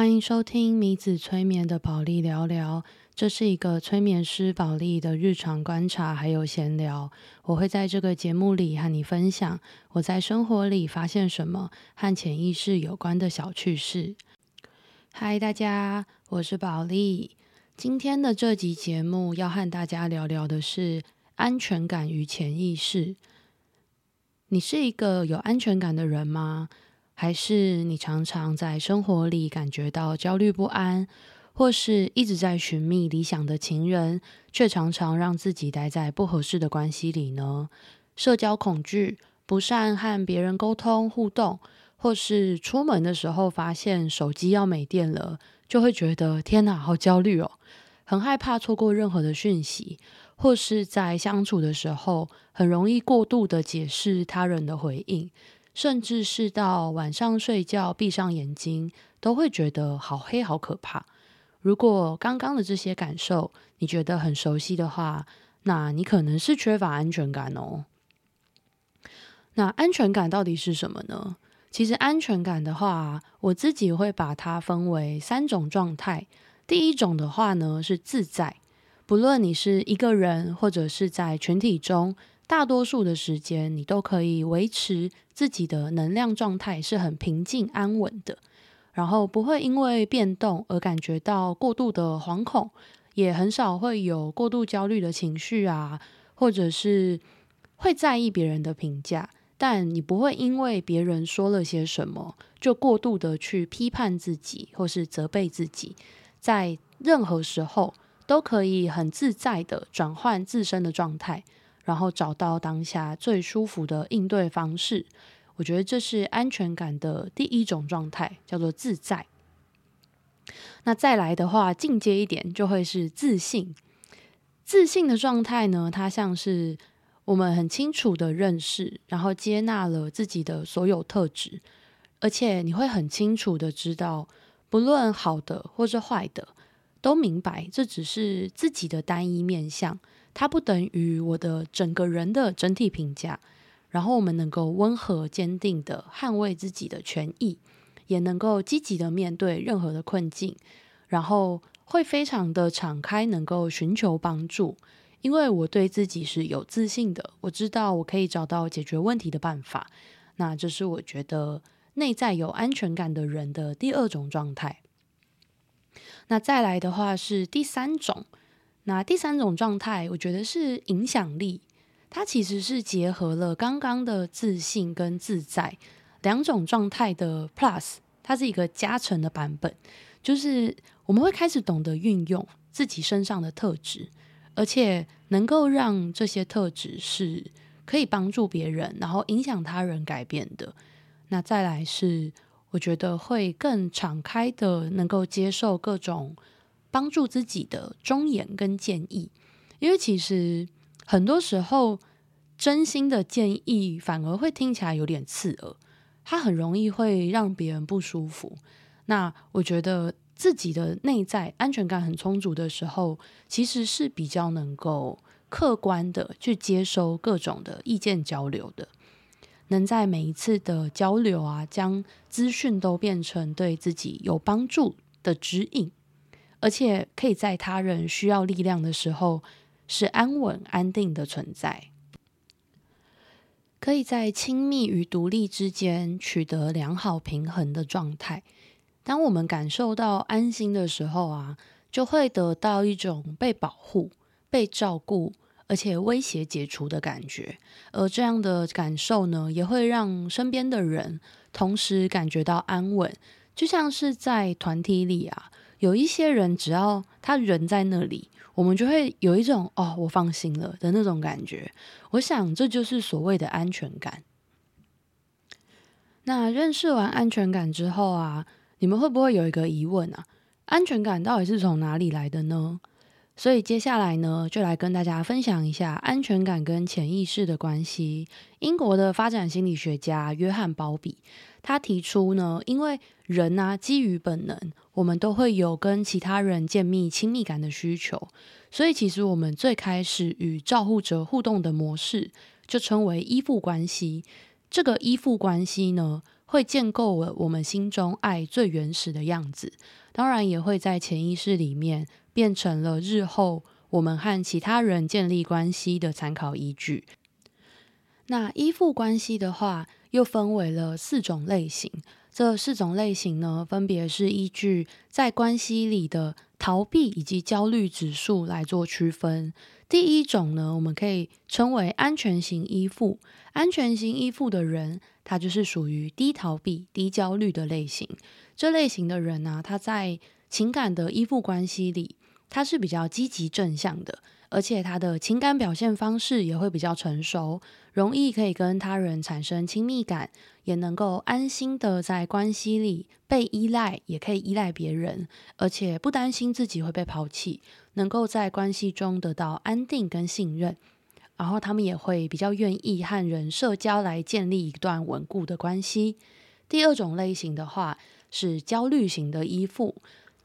歡迎收聽謎子催眠的寶莉聊聊，這是一個催眠師寶莉的日常觀察還有閒聊。我會在這個節目裡和你分享我在生活裡發現什麼和潛意識有關的小趣事。嗨，大家，我是寶莉。今天的這集節目要和大家聊聊的是安全感與潛意識。你是一個有安全感的人嗎？還是你常常在生活裡感覺到焦慮不安，或是一直在尋覓理想的情人，卻常常讓自己待在不合適的關係裡呢？社交恐懼，不善和別人溝通互動，或是出門的時候發現手機要沒電了，就會覺得天哪，好焦慮哦，很害怕錯過任何的訊息，或是在相處的時候很容易過度的解釋他人的回應。甚至是到晚上睡覺，閉上眼睛，都會覺得好黑好可怕。如果剛剛的這些感受你覺得很熟悉的話，那你可能是缺乏安全感哦。那安全感到底是什麼呢？其實安全感的話，我自己會把它分為三種狀態。第一種的話呢，是自在，不論你是一個人或者是在群體中。大多數的時間，你都可以維持自己的能量狀態是很平靜安穩的，然後不會因為變動而感覺到過度的惶恐，也很少會有過度焦慮的情緒啊，或者是會在意別人的評價，但你不會因為別人說了些什麼就過度的去批判自己或是責備自己，在任何時候都可以很自在的轉換自身的狀態。然後找到當下最舒服的應對方式，我覺得這是安全感的第一種狀態，叫做自在。那再來的話，進階一點就會是自信。自信的狀態呢，它像是我們很清楚的認識，然後接納了自己的所有特質，而且你會很清楚的知道，不論好的或是壞的，都明白這只是自己的單一面向。它不等於我的整個人的整體評價，然後我們能夠溫和堅定的捍衛自己的權益，也能夠積極的面對任何的困境，然後會非常的敞開，能夠尋求幫助，因為我對自己是有自信的，我知道我可以找到解決問題的辦法。那這是我覺得內在有安全感的人的第二種狀態。那再來的話是第三種。那第三種狀態，我覺得是影響力，它其實是結合了剛剛的自信跟自在兩種狀態的 plus，它是一個加成的版本，就是我們會開始懂得運用自己身上的特質，而且能夠讓這些特質是可以幫助別人，然後影響他人改變的。那再來是，我覺得會更敞開的，能夠接受各種。.幫助自己的忠言跟建議，因為其實很多時候，真心的建議反而會聽起來有點刺耳，它很容易會讓別人不舒服。那我覺得自己的內在安全感很充足的時候，其實是比較能夠客觀的去接收各種的意見交流的，能在每一次的交流啊，將資訊都變成對自己有幫助的指引。而且可以在他人需要力量的時候，是安穩安定的存在，可以在親密與獨立之間取得良好平衡的狀態。當我們感受到安心的時候啊，就會得到一種被保護、被照顧，而且威脅解除的感覺。而這樣的感受呢，也會讓身邊的人同時感覺到安穩，就像是在團體裡啊。有一些人，只要他人在那裡，我們就會有一種“哦，我放心了”的那種感覺。我想這就是所謂的安全感。那認識完安全感之後啊，你們會不會有一個疑問啊？安全感到底是從哪裡來的呢？所以接下來呢，就來跟大家分享一下安全感跟潛意識的關係。英國的發展心理學家約翰·鮑比，他提出呢，因為人啊，基於本能，我們都會有跟其他人建立親密感的需求。所以，其實我們最開始與照護者互動的模式，就稱為依附關係。這個依附關係呢，會建構了我們心中愛最原始的樣子，當然也會在潛意識裡面變成了日後我們和其他人建立關係的參考依據。那依附關係的話，又分為了四種類型，這四種類型呢，分別是依據在關係裡的逃避以及焦慮指數來做區分。第一種呢，我們可以稱為安全型依附。安全型依附的人，他就是屬於低逃避、低焦慮的類型。這類型的人呢、啊，他在情感的依附關係裡，他是比較積極正向的。而且他的情感表現方式也會比較成熟，容易可以跟他人產生親密感，也能夠安心地在關係裡被依賴，也可以依賴別人，而且不擔心自己會被拋棄，能夠在關係中得到安定跟信任。然後他們也會比較願意和人社交來建立一段穩固的關係。第二種類型的話是焦慮型的依附。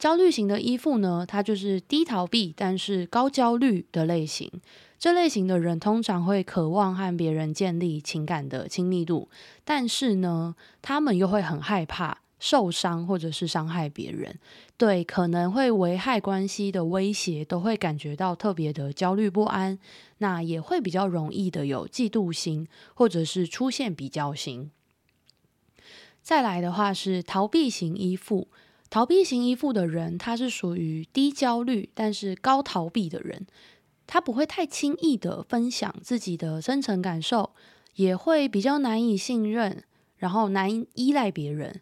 焦慮型的依附呢，它就是低逃避，但是高焦慮的類型。這類型的人通常會渴望和別人建立情感的親密度，但是呢，他們又會很害怕受傷或者是傷害別人。對，可能會危害關係的威脅，都會感覺到特別的焦慮不安。那也會比較容易的有嫉妒心，或者是出現比較心。再來的話是逃避型依附。逃避型依附的人，他是屬於低焦慮，但是高逃避的人。他不會太輕易地分享自己的深層感受，也會比較難以信任，然後難以依賴別人，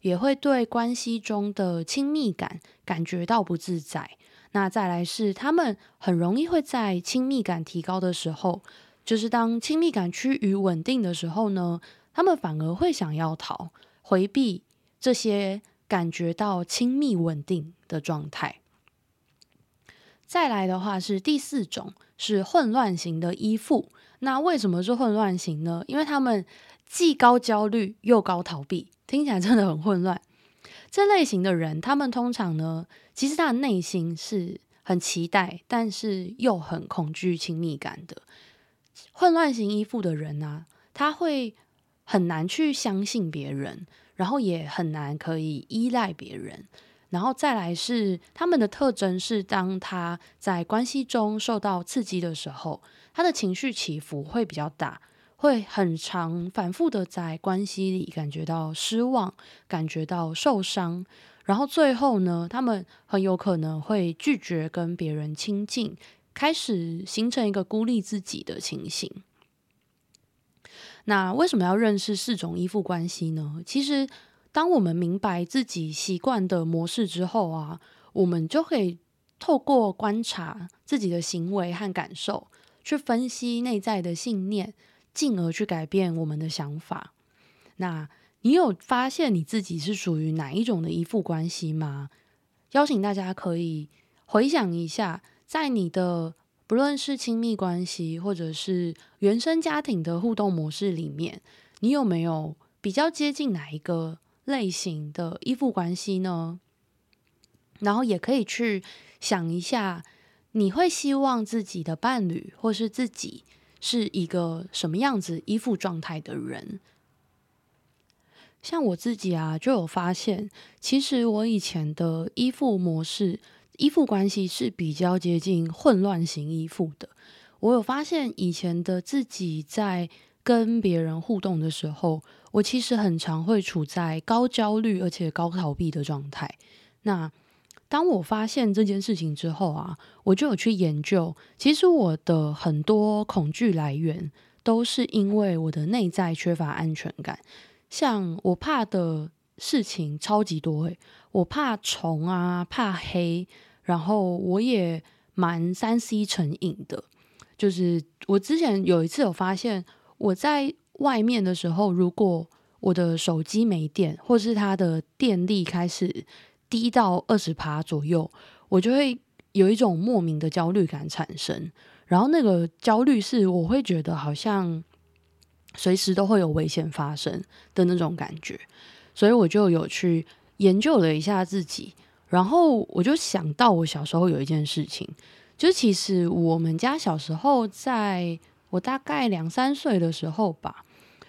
也會對關係中的親密感感覺到不自在。那再來是，他們很容易會在親密感提高的時候，就是當親密感趨於穩定的時候呢，他們反而會想要逃回避這些。感覺到親密穩定的狀態。再來的話是第四種，是混亂型的依附。那為什麼是混亂型呢？因為他們既高焦慮又高逃避，聽起來真的很混亂。這類型的人，他們通常呢，其實他的內心是很期待，但是又很恐懼親密感的。混亂型依附的人呢、啊，他會很難去相信別人。然後也很難可以依賴別人，然後再來是他們的特徵是，當他在關係中受到刺激的時候，他的情緒起伏會比較大，會很常反覆的在關係裡感覺到失望，感覺到受傷，然後最後呢，他們很有可能會拒絕跟別人親近，開始形成一個孤立自己的情形。那為什麼要認識四種依附關係呢？其實，當我們明白自己習慣的模式之後啊，我們就可以透過觀察自己的行為和感受，去分析內在的信念，進而去改變我們的想法。那你有發現你自己是屬於哪一種的依附關係嗎？邀請大家可以回想一下，在你的。不論是親密關係，或者是原生家庭的互動模式裡面，你有沒有比較接近哪一個類型的依附關係呢？然後也可以去想一下，你會希望自己的伴侶，或是自己是一個什麼樣子依附狀態的人？像我自己啊，就有發現，其實我以前的依附模式，依附關係是比較接近混亂型依附的。我有發現以前的自己在跟別人互動的時候，我其實很常會處在高焦慮而且高逃避的狀態。那當我發現這件事情之後啊，我就有去研究，其實我的很多恐懼來源都是因為我的內在缺乏安全感。像我怕的事情超級多誒，我怕蟲啊，怕黑。然後我也蠻三 C 成癮的，就是我之前有一次有發現，我在外面的時候，如果我的手機沒電，或是它的電力開始低到二十趴左右，我就會有一種莫名的焦慮感產生。然後那個焦慮是，我會覺得好像隨時都會有危險發生的那種感覺，所以我就有去研究了一下自己。然後我就想到我小時候有一件事情，就其實我們家小時候，在我大概兩三歲的時候吧，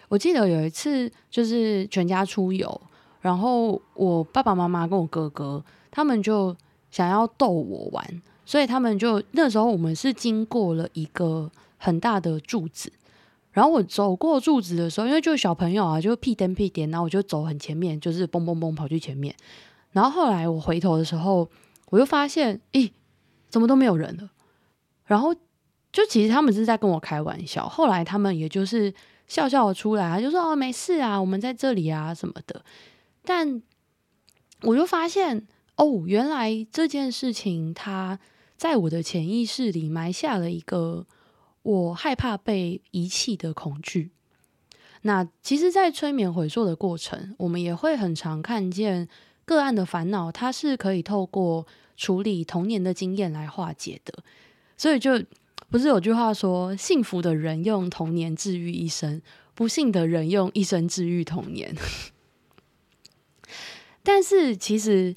我記得有一次就是全家出遊，然後我爸爸媽媽跟我哥哥他們就想要逗我玩，所以他們就那時候我們是經過了一個很大的柱子，然後我走過柱子的時候，因為就是小朋友啊，就屁顛屁顛，然後我就走很前面，就是蹦蹦蹦跑去前面。然後後來我回頭的時候，我就發現，咦，怎麼都沒有人了？然後就其實他們是在跟我開玩笑。後來他們也就是笑笑出來啊，就說：“哦，沒事啊，我們在這裡啊，什麼的。但”但我就發現，哦，原來這件事情，它在我的潛意識裡埋下了一個我害怕被遺棄的恐懼。那其實，在催眠回溯的過程，我們也會很常看見。個案的煩惱，它是可以透過處理童年的經驗來化解的，所以就不是有句話說，幸福的人用童年治癒一生，不幸的人用一生治癒童年。 但是，其實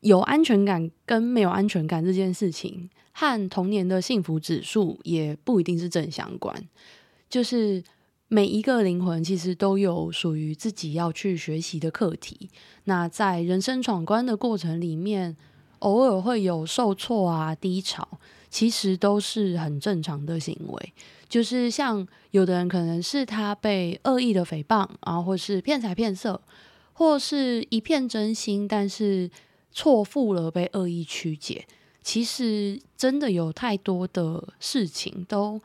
有安全感跟沒有安全感這件事情，和童年的幸福指數也不一定是正相關，就是。每一個靈魂其實都有屬於自己要去學習的課題。那在人生闖關的過程裡面，偶爾會有受挫啊、低潮，其實都是很正常的行為。就是像有的人可能是他被惡意的誹謗啊，或是騙財騙色，或是一片真心，但是錯付了被惡意曲解。其實真的有太多的事情都。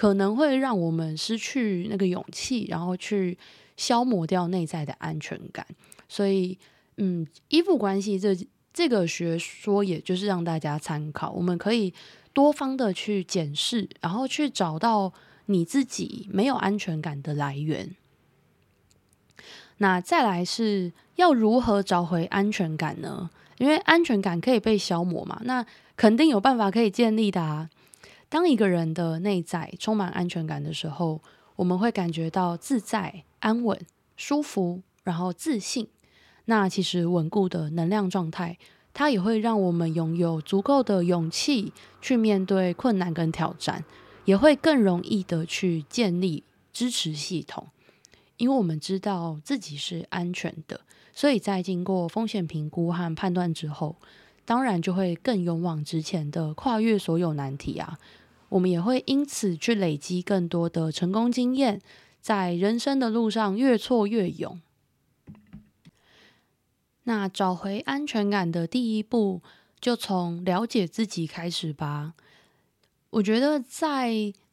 可能會讓我們失去那個勇氣，然後去消磨掉內在的安全感。所以，嗯，依附關係這這個學說，也就是讓大家參考，我們可以多方的去檢視，然後去找到你自己沒有安全感的來源。那再來是要如何找回安全感呢？因為安全感可以被消磨嘛，那肯定有辦法可以建立的啊。當一個人的內在充滿安全感的時候，我們會感覺到自在、安穩、舒服，然後自信。那其實穩固的能量狀態，它也會讓我們擁有足夠的勇氣去面對困難跟挑戰，也會更容易地去建立支持系統。因為我們知道自己是安全的，所以在經過風險評估和判斷之後，當然就會更勇往直前地跨越所有難題啊。我們也會因此去累積更多的成功經驗，在人生的路上越挫越勇。那找回安全感的第一步，就從了解自己開始吧。我覺得在，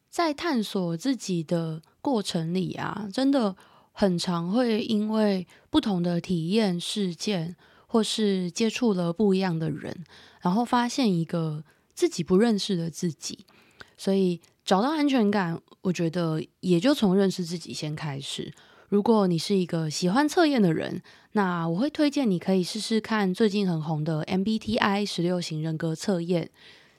在在探索自己的過程裡啊，真的很常會因為不同的體驗事件，或是接觸了不一樣的人，然後發現一個自己不認識的自己。所以，找到安全感，我覺得也就從認識自己先開始。如果你是一個喜歡測驗的人，那我會推薦你可以試試看最近很紅的 MBTI 十六型人格測驗。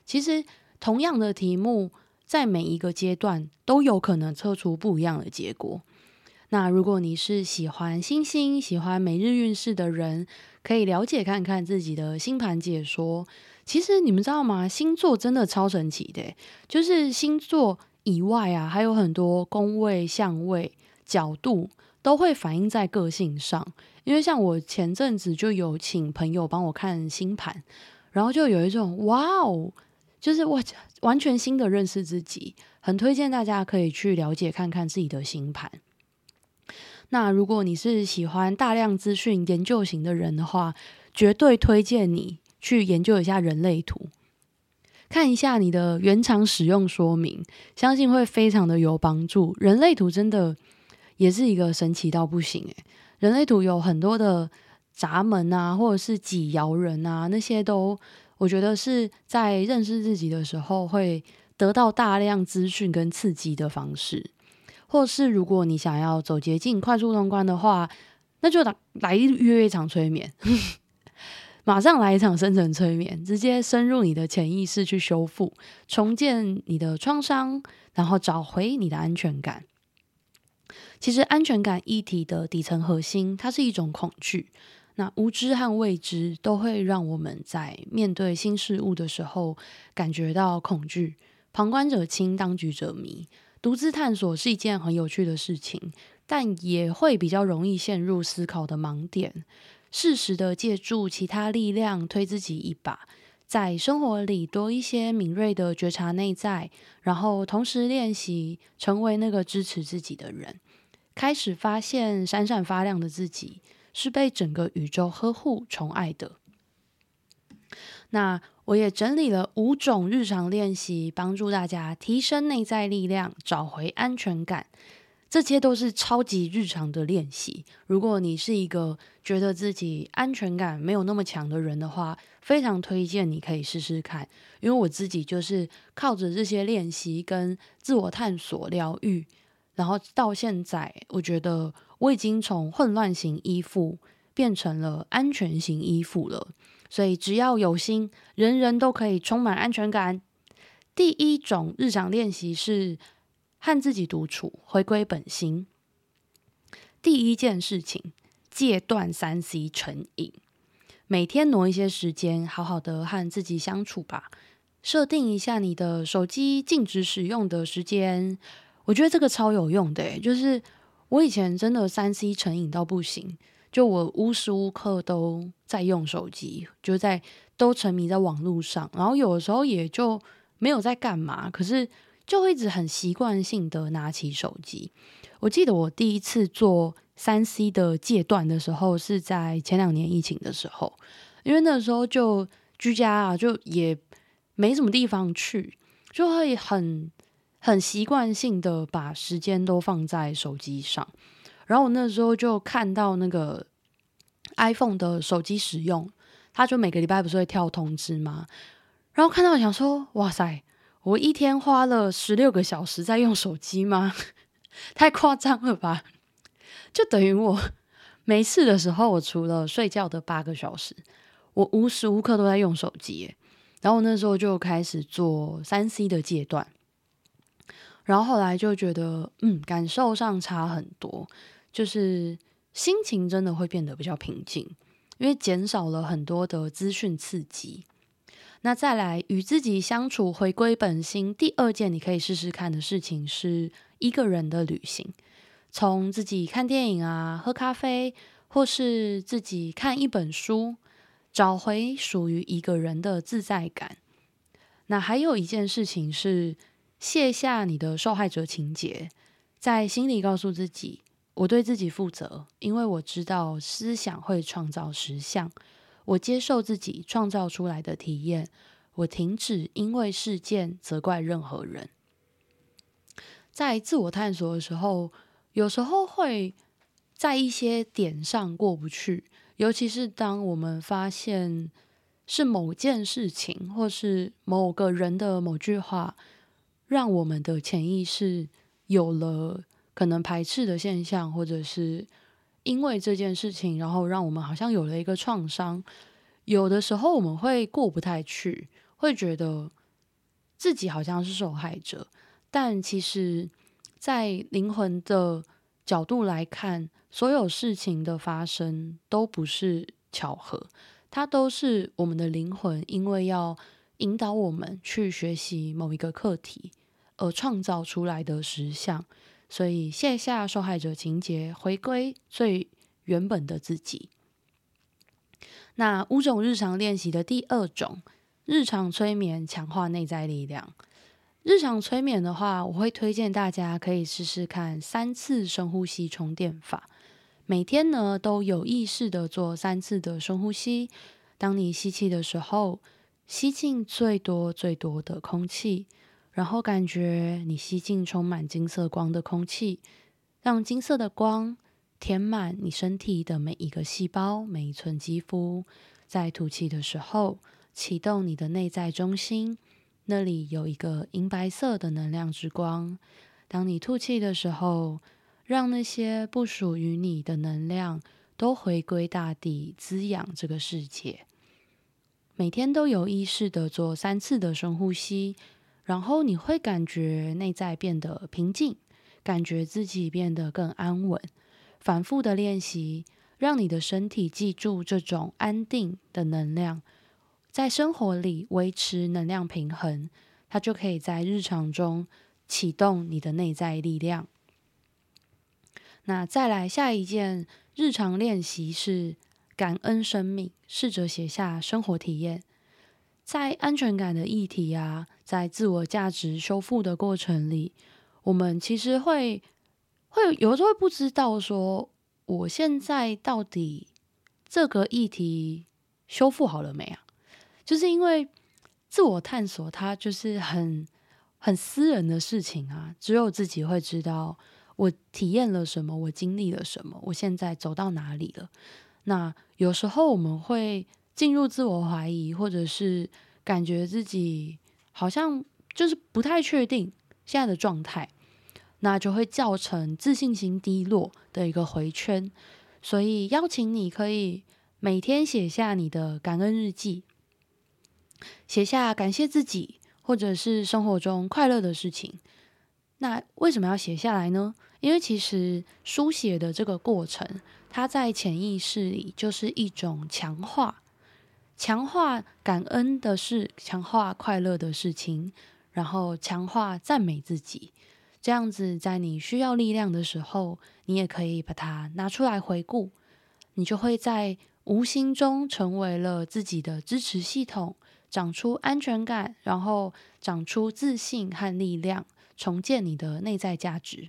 其實同樣的題目，在每一個階段都有可能測出不一樣的結果。那如果你是喜歡星星、喜歡每日運勢的人，可以了解看看自己的星盤解說。其實你們知道嗎？星座真的超神奇的，就是星座以外啊，還有很多宮位、相位、角度都會反映在個性上。因為像我前陣子就有請朋友幫我看星盤，然後就有一種哇哦，就是我完全新的認識自己。很推薦大家可以去了解看看自己的星盤。那如果你是喜歡大量資訊、研究型的人的話，絕對推薦你。去研究一下人類圖，看一下你的原廠使用說明，相信會非常的有幫助。人類圖真的也是一個神奇到不行誒、欸。人類圖有很多的閘門啊，或者是幾爻人啊，那些都我覺得是在認識自己的時候會得到大量資訊跟刺激的方式。或是如果你想要走捷徑、快速通關的話，那就來來約一場催眠。 馬上來一場深層催眠，直接深入你的潛意識去修復、重建你的創傷，然後找回你的安全感。其實安全感議題的底層核心，它是一種恐懼。那無知和未知都會讓我們在面對新事物的時候感覺到恐懼。旁觀者清，當局者迷。獨自探索是一件很有趣的事情，但也會比較容易陷入思考的盲點。適時地借助其他力量推自己一把，在生活裡多一些敏銳的覺察內在，然後同時練習成為那個支持自己的人，開始發現閃閃發亮的自己是被整個宇宙呵護、寵愛的。那我也整理了五種日常練習，幫助大家提升內在力量，找回安全感。這些都是超級日常的練習。如果你是一個覺得自己安全感沒有那麼強的人的話，非常推薦你可以試試看。因為我自己就是靠着這些練習跟自我探索、療癒，然後到現在，我覺得我已經從混亂型依附變成了安全型依附了。所以只要有心，人人都可以充滿安全感。第一種日常練習是。和自己獨處，回歸本心。第一件事情，戒斷三 C 成癮。每天挪一些時間，好好的和自己相處吧。設定一下你的手機禁止使用的時間，我覺得這個超有用的欸。就是我以前真的三 C 成癮到不行，就我無時無刻都在用手機，就在都沉迷在網絡上，然後有的時候也就沒有在幹嘛，可是。就會一直很習慣性的拿起手機。我記得我第一次做三 C 的戒斷的時候，是在前兩年疫情的時候，因為那時候就居家啊，就也沒什麼地方去，就會很很習慣性的把時間都放在手機上。然後我那時候就看到那個 iPhone 的手機使用，它就每個禮拜不是會跳通知嗎？然後看到想說，哇塞！我一天花了十六個小時在用手機嗎？太誇張了吧！就等於我沒事的時候，我除了睡覺的八個小時，我無時無刻都在用手機。然後那時候就開始做三 C 的戒斷，然後後來就覺得，嗯，感受上差很多，就是心情真的會變得比較平靜，因為減少了很多的資訊刺激。那再來與自己相處，回歸本心。第二件你可以試試看的事情，是一個人的旅行，從自己看電影啊，喝咖啡，或是自己看一本書，找回屬於一個人的自在感。那還有一件事情是，卸下你的受害者情節，在心裡告訴自己，我對自己負責，因為我知道思想會創造實相。我接受自己創造出來的體驗，我停止因為事件，責怪任何人。在自我探索的時候，有時候會在一些點上過不去，尤其是當我們發現是某件事情，或是某個人的某句話，讓我們的潛意識有了可能排斥的現象，或者是。因為這件事情，然後讓我們好像有了一個創傷，有的時候我們會過不太去，會覺得自己好像是受害者，但其實，在靈魂的角度來看，所有事情的發生都不是巧合，它都是我們的靈魂因為要引導我們去學習某一個課題而創造出來的實相。所以卸下受害者情節，回歸最原本的自己。那五種日常練習的第二種，日常催眠強化內在力量。日常催眠的話，我會推薦大家可以試試看三次深呼吸充電法。每天呢都有意識地做三次的深呼吸。當你吸氣的時候，吸進最多最多的空氣。然後感覺你吸進充滿金色光的空氣，讓金色的光填滿你身體的每一個細胞、每一寸肌膚。在吐氣的時候，啟動你的內在中心，那裡有一個銀白色的能量之光。當你吐氣的時候，讓那些不屬於你的能量都回歸大地，滋養這個世界。每天都有意識地做三次的深呼吸。然後你會感覺內在變得平靜，感覺自己變得更安穩。反覆的練習，讓你的身體記住這種安定的能量，在生活裡維持能量平衡，它就可以在日常中啟動你的內在力量。那再來下一件日常練習是感恩生命，試着寫下生活體驗。在安全感的議題啊，在自我價值修復的過程裡，我們其實會會有時候會不知道說，我現在到底這個議題修復好了沒啊？就是因為自我探索，它就是很很私人的事情啊，只有自己會知道我體驗了什麼，我經歷了什麼，我現在走到哪裡了。那有時候我們會。進入自我懷疑，或者是感覺自己好像就是不太確定現在的狀態，那就會造成自信心低落的一個迴圈。所以邀請你可以每天寫下你的感恩日記，寫下感謝自己，或者是生活中快樂的事情。那為什麼要寫下來呢？因為其實書寫的這個過程，它在潛意識裡就是一種強化。強化感恩的事，強化快樂的事情，然後強化讚美自己，這樣子在你需要力量的時候，你也可以把它拿出來回顧，你就會在無形中成為了自己的支持系統，長出安全感，然後長出自信和力量，重建你的內在價值。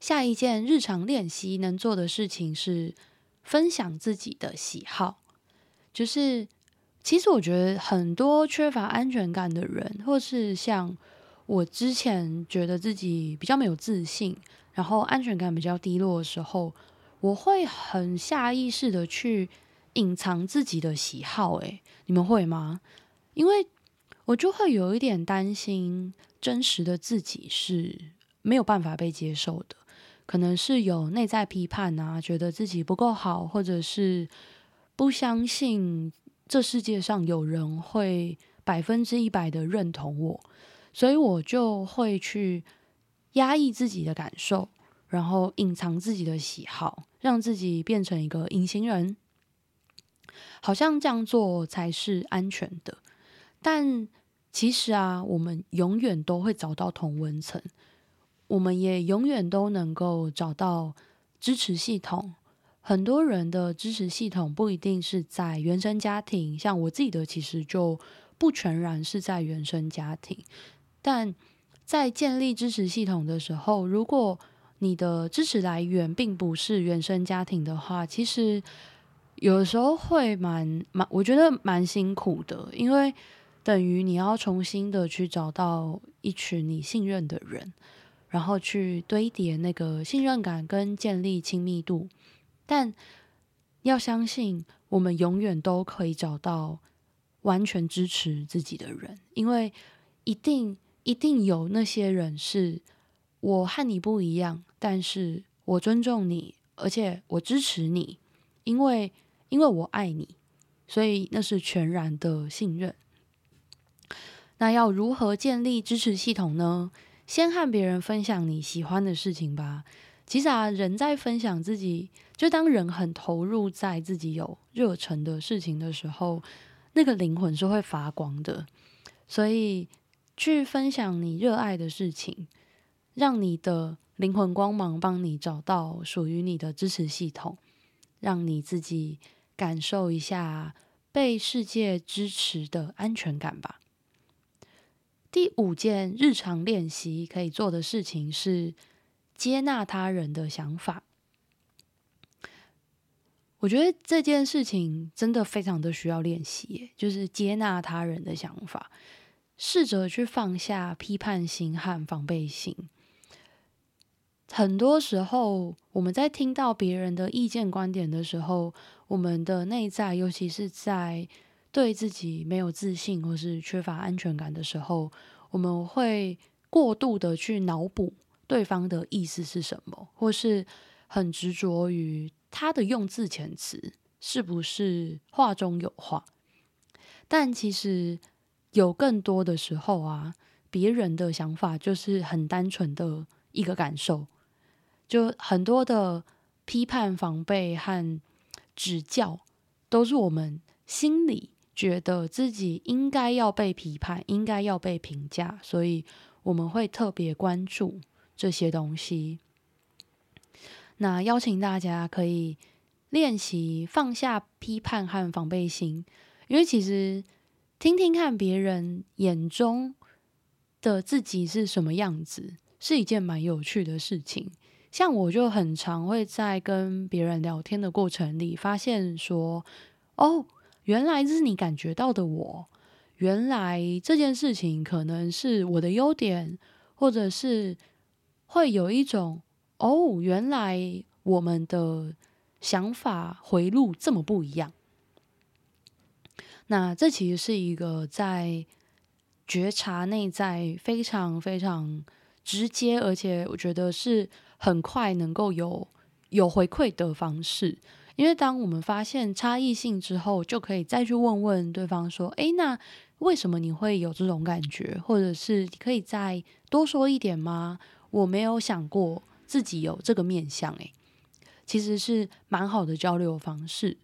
下一件日常練習能做的事情是分享自己的喜好。就是，其實我覺得很多缺乏安全感的人，或是像我之前覺得自己比較沒有自信，然後安全感比較低落的時候，我會很下意識的去隱藏自己的喜好。誒，你們會嗎？因為我就會有一點擔心，真實的自己是沒有辦法被接受的，可能是有內在批判啊，覺得自己不夠好，或者是。不相信這世界上有人會百分之一百的認同我，所以我就會去壓抑自己的感受，然後隱藏自己的喜好，讓自己變成一個隱形人，好像這樣做才是安全的。但其實啊，我們永遠都會找到同溫層，我們也永遠都能夠找到支持系統。很多人的支持系統不一定是在原生家庭，像我自己的其實就不全然是在原生家庭。但在建立支持系統的時候，如果你的支持來源並不是原生家庭的話，其實有時候會蠻蠻，我覺得蠻辛苦的，因為等於你要重新的去找到一群你信任的人，然後去堆疊那個信任感跟建立親密度。但要相信，我們永遠都可以找到完全支持自己的人，因為一定一定有那些人是我和你不一樣，但是我尊重你，而且我支持你，因為因為我愛你，所以那是全然的信任。那要如何建立支持系統呢？先和別人分享你喜歡的事情吧。其實啊，人在分享自己，就當人很投入在自己有熱忱的事情的時候，那個靈魂是會發光的。所以，去分享你熱愛的事情，讓你的靈魂光芒幫你找到屬於你的支持系統，讓你自己感受一下被世界支持的安全感吧。第五件日常練習可以做的事情是，接納他人的想法，我覺得這件事情真的非常的需要練習耶，就是接納他人的想法，試着去放下批判心和防備心。很多時候，我們在聽到別人的意見、觀點的時候，我們的內在，尤其是在對自己沒有自信或是缺乏安全感的時候，我們會過度的去腦補。對方的意思是什麼，或是很執着於他的用字遣詞，是不是話中有話？但其實有更多的時候啊，別人的想法就是很單純的一個感受。就很多的批判、防備和指教，都是我們心裡覺得自己應該要被批判，應該要被評價，所以我們會特別關注。這些東西，那邀請大家可以練習放下批判和防備心，因為其實聽聽看別人眼中的自己是什麼樣子，是一件蠻有趣的事情。像我就很常會在跟別人聊天的過程裡，發現說：“哦，原來這是你感覺到的我，原來這件事情可能是我的優點，或者是。”會有一種哦，原來我們的想法回路這麼不一樣。那這其實是一個在覺察內在非常非常直接，而且我覺得是很快能夠有有回饋的方式。因為當我們發現差異性之後，就可以再去問問對方說：“誒，那為什麼你會有這種感覺？或者是你可以再多說一點嗎？”我沒有想過自己有這個面向，哎，其實是蠻好的交流方式。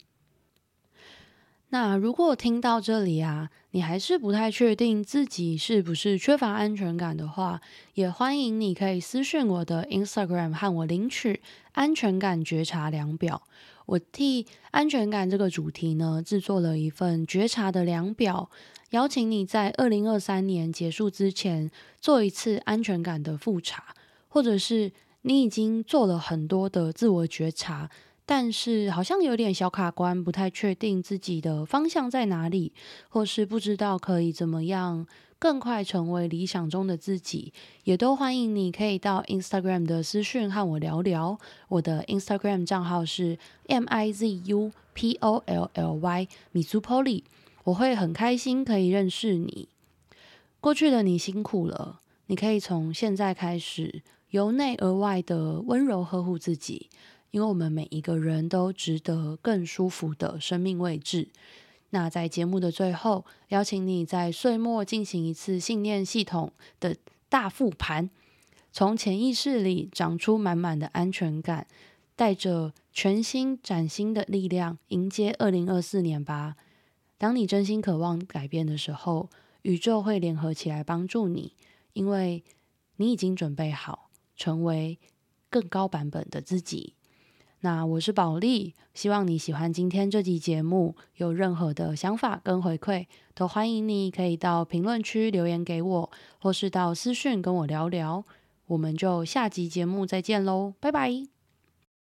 那如果聽到這裡啊，你還是不太確定自己是不是缺乏安全感的話，也歡迎你可以私訊我的 Instagram 和我領取安全感覺察量表。我替安全感這個主題呢，製作了一份覺察的量表，邀請你在二零二三年結束之前做一次安全感的復查。或者是你已經做了很多的自我覺察，但是好像有點小卡關，不太確定自己的方向在哪裡，或是不知道可以怎麼樣更快成為理想中的自己，也都歡迎你可以到 Instagram 的私訊和我聊聊。我的 Instagram 賬號是 M I Z U P O L L Y 米蘇 Polly 我會很開心可以認識你。過去的你辛苦了，你可以從現在開始。由內而外的溫柔呵護自己，因為我們每一個人都值得更舒服的生命位置。那在節目的最後，邀請你在歲末進行一次信念系統的大復盤，從潛意識裡長出滿滿的安全感，帶着全新嶄新的力量迎接二零二四年吧。當你真心渴望改變的時候，宇宙會聯合起來幫助你，因為你已經準備好。成為更高版本的自己。那我是寶莉，希望你喜歡今天這集節目。有任何的想法跟回饋，都歡迎你可以到評論區留言給我，或是到私訊跟我聊聊。我們就下集節目再見嘍，拜拜。